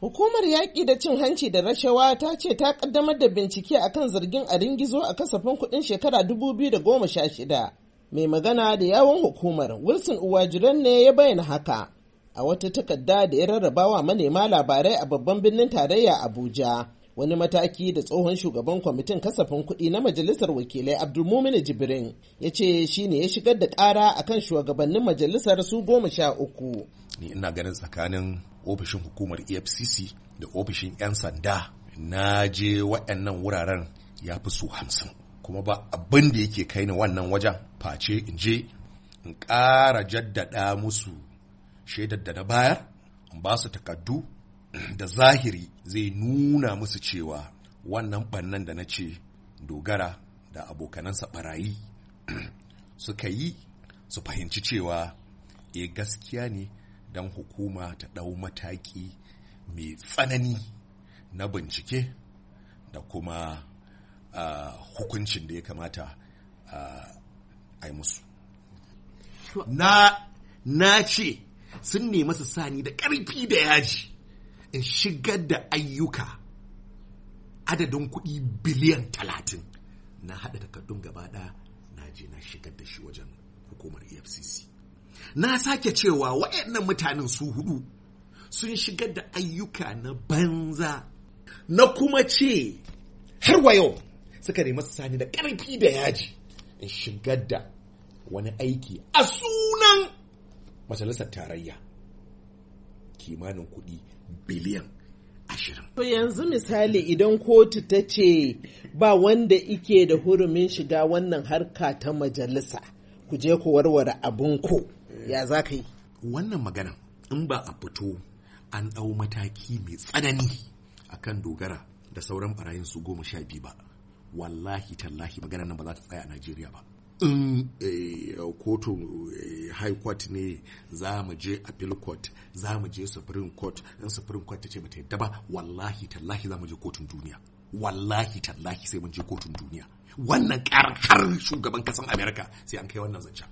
Hukumar yaƙi da cin hanci da rashawa ta ce ta ƙaddamar da bincike a kan zargin a ringizo a kasafin kuɗin shekara 2016. Mai magana da yawon hukumar Wilson Uwajiran ne ya bayyana haka a wata takarda da ya rarrabawa manema labarai a babban birnin tarayya Abuja. wani mataki da tsohon shugaban kwamitin kasafin kuɗi na majalisar wakilai abdulmumin jibrin ya ce shi ne ya shigar da ƙara a kan shugabannin majalisar su goma sha uku ni ina ganin tsakanin ofishin hukumar efcc da ofishin 'yan sanda na je waɗannan wuraren ya fi su hamsin kuma ba abin da yake kai ni wannan wajen face in je in ƙara jaddada musu shaidar da na bayar in ba su takardu da zahiri zai nuna musu cewa wannan bannan da na ce dogara da abokanansa barayi suka yi su fahimci cewa e gaskiya ne don hukuma ta ɗau mataki mai tsanani na bincike da kuma uh, hukuncin da ya kamata a yi musu na, na ce sun nemi su sani da ƙarfi da yaji in shigar da ayyuka adadin kuɗi biliyan talatin na haɗa takardun gaba ɗaya na je na shigar da shi wajen hukumar efcc na sake cewa waɗannan mutanen su hudu sun shigar da ayyuka na banza na kuma ce har wa yau suka nemi su sani da ƙarfi da yaji in shigar da wani aiki a sunan majalisar tarayya kimanin kuɗi biliyan ashirin. To yanzu misali idan kotu ta ce ba wanda ike da hurumin shiga wannan harka ta majalisa ku je ku warware abin ku ya za ka yi. Wannan magana in ba a fito an ɗau mataki mai tsanani akan dogara da sauran barayin su goma sha biyu ba wallahi tallahi magana nan ba za ta tsaya a Najeriya ba. in eh, kotu. high court ne za mu je appeal court za mu je supreme court in supreme court ta ce bata yadda ba wallahi tallahi za mu je kotun duniya wallahi tallahi sai mun je kotun duniya wannan karar har shugaban kasan america sai an kai wannan zancen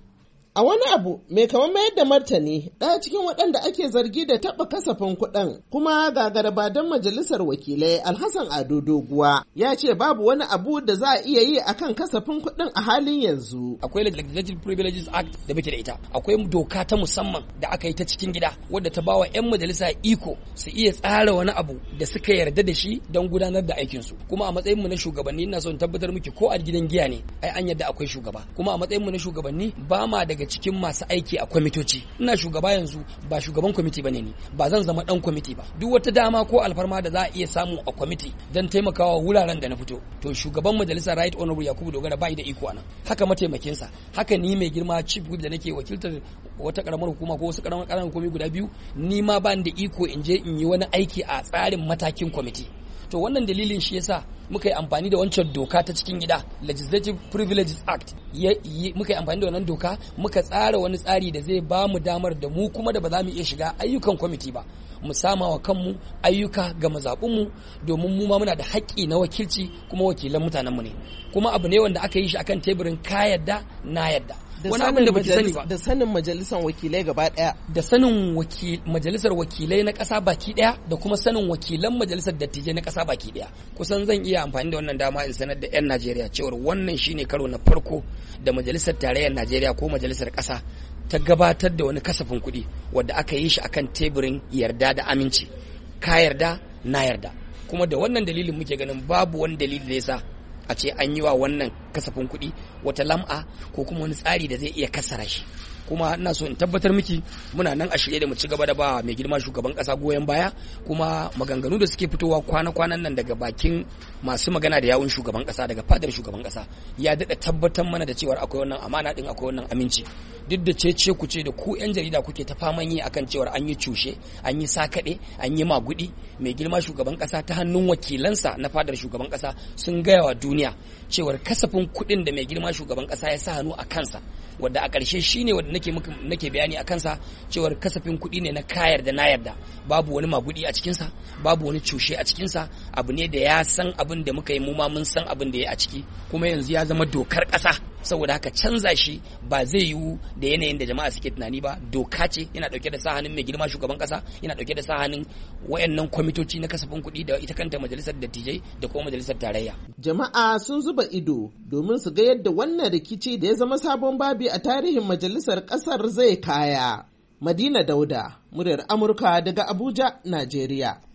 A wani abu mai kamar mayar da martani ɗaya cikin waɗanda ake zargi da taɓa kasafin kuɗin kuma gagara don majalisar wakilai Alhassan Ado Doguwa ya ce babu wani abu da za a iya yi akan kasafin kuɗin a halin yanzu. Akwai Legislative Privileges Act da muke da ita. Akwai doka ta musamman da aka yi ta cikin gida wadda ta bawa 'yan majalisa iko su iya tsara wani abu da suka yarda da shi don gudanar da aikinsu. Kuma a matsayinmu na shugabanni ina son tabbatar miki ko a gidan giya ne ai an yarda akwai shugaba. Kuma a matsayinmu na shugabanni ba ma daga cikin masu aiki a kwamitoci ina shugaba yanzu ba shugaban kwamiti bane ni ba zan zama dan kwamiti ba duk wata dama ko alfarma da za a iya samu a kwamiti don taimakawa wuraren da na fito to shugaban majalisa right honorable yakubu dogara bai da iko anan haka mataimakinsa haka ni mai girma chief whip da nake wakiltar wata karamar hukuma ko wasu karamar karamar hukumi guda biyu ni ma ban da iko in je in yi wani aiki a tsarin matakin kwamiti to wannan dalilin shi yasa muka yi amfani da wancan doka ta cikin gida legislative privileges act muka yi amfani da wannan doka muka tsara wani tsari da zai ba mu damar da mu kuma da ba za mu iya shiga ayyukan kwamiti ba mu sama wa kanmu ayyuka ga mazaɓunmu domin mu ma muna da haƙƙi na wakilci kuma wakilan mutanenmu ne kuma abu ne wanda aka yi shi akan teburin ka yadda na yadda wani abin da baki sanin majalisar wakilai gaba daya da sanin majalisar wakilai na kasa baki daya da kuma sanin wakilan majalisar dattijai na kasa baki daya kusan zan iya amfani da wannan dama in sanar da yan Najeriya cewar wannan shine karo na farko da majalisar tarayyar Najeriya ko majalisar kasa ta gabatar da wani kasafin kuɗi wadda aka yi shi akan teburin yarda da aminci ka yarda na yarda kuma da wannan dalilin muke ganin babu wani dalili da yasa a ce an yi wa wannan kasafin kuɗi wata lam'a ko kuma wani tsari da zai iya kasara shi kuma ina so in tabbatar miki muna nan a shirye da mu ci gaba da ba mai girma shugaban kasa goyon baya kuma maganganu da suke fitowa kwana-kwanan nan daga bakin masu magana da yawun shugaban kasa daga fadar shugaban kasa ya daɗa tabbatar mana da cewar akwai wannan amana din akwai wannan aminci duk da ce ku ce da ku yan jarida kuke ta faman yi akan cewar an yi cushe an yi sakaɗe an yi magudi mai girma shugaban kasa ta hannun wakilansa na fadar shugaban kasa sun gaya wa duniya cewar kasafin kuɗin da mai girma shugaban kasa ya sa hannu a kansa wanda a ƙarshe shine wanda nake nake bayani a kansa cewar kasafin kuɗi ne na kayar da na yarda babu wani magudi a cikinsa babu wani cushe a cikinsa abu ne da ya san abin da muka yi mu ma mun san abin da ya yi a ciki kuma yanzu ya zama dokar ƙasa saboda haka canza shi ba zai yiwu da yanayin da jama'a suke tunani ba doka ce yana dauke da sa mai girma shugaban kasa yana dauke da sa wayannan kwamitoci na kasafin kuɗi da ita kanta majalisar dattijai da kuma majalisar tarayya jama'a sun zuba ido domin su ga yadda wannan rikici da ya zama sabon babi a tarihin majalisar kasar zai kaya madina dauda muryar amurka daga abuja najeriya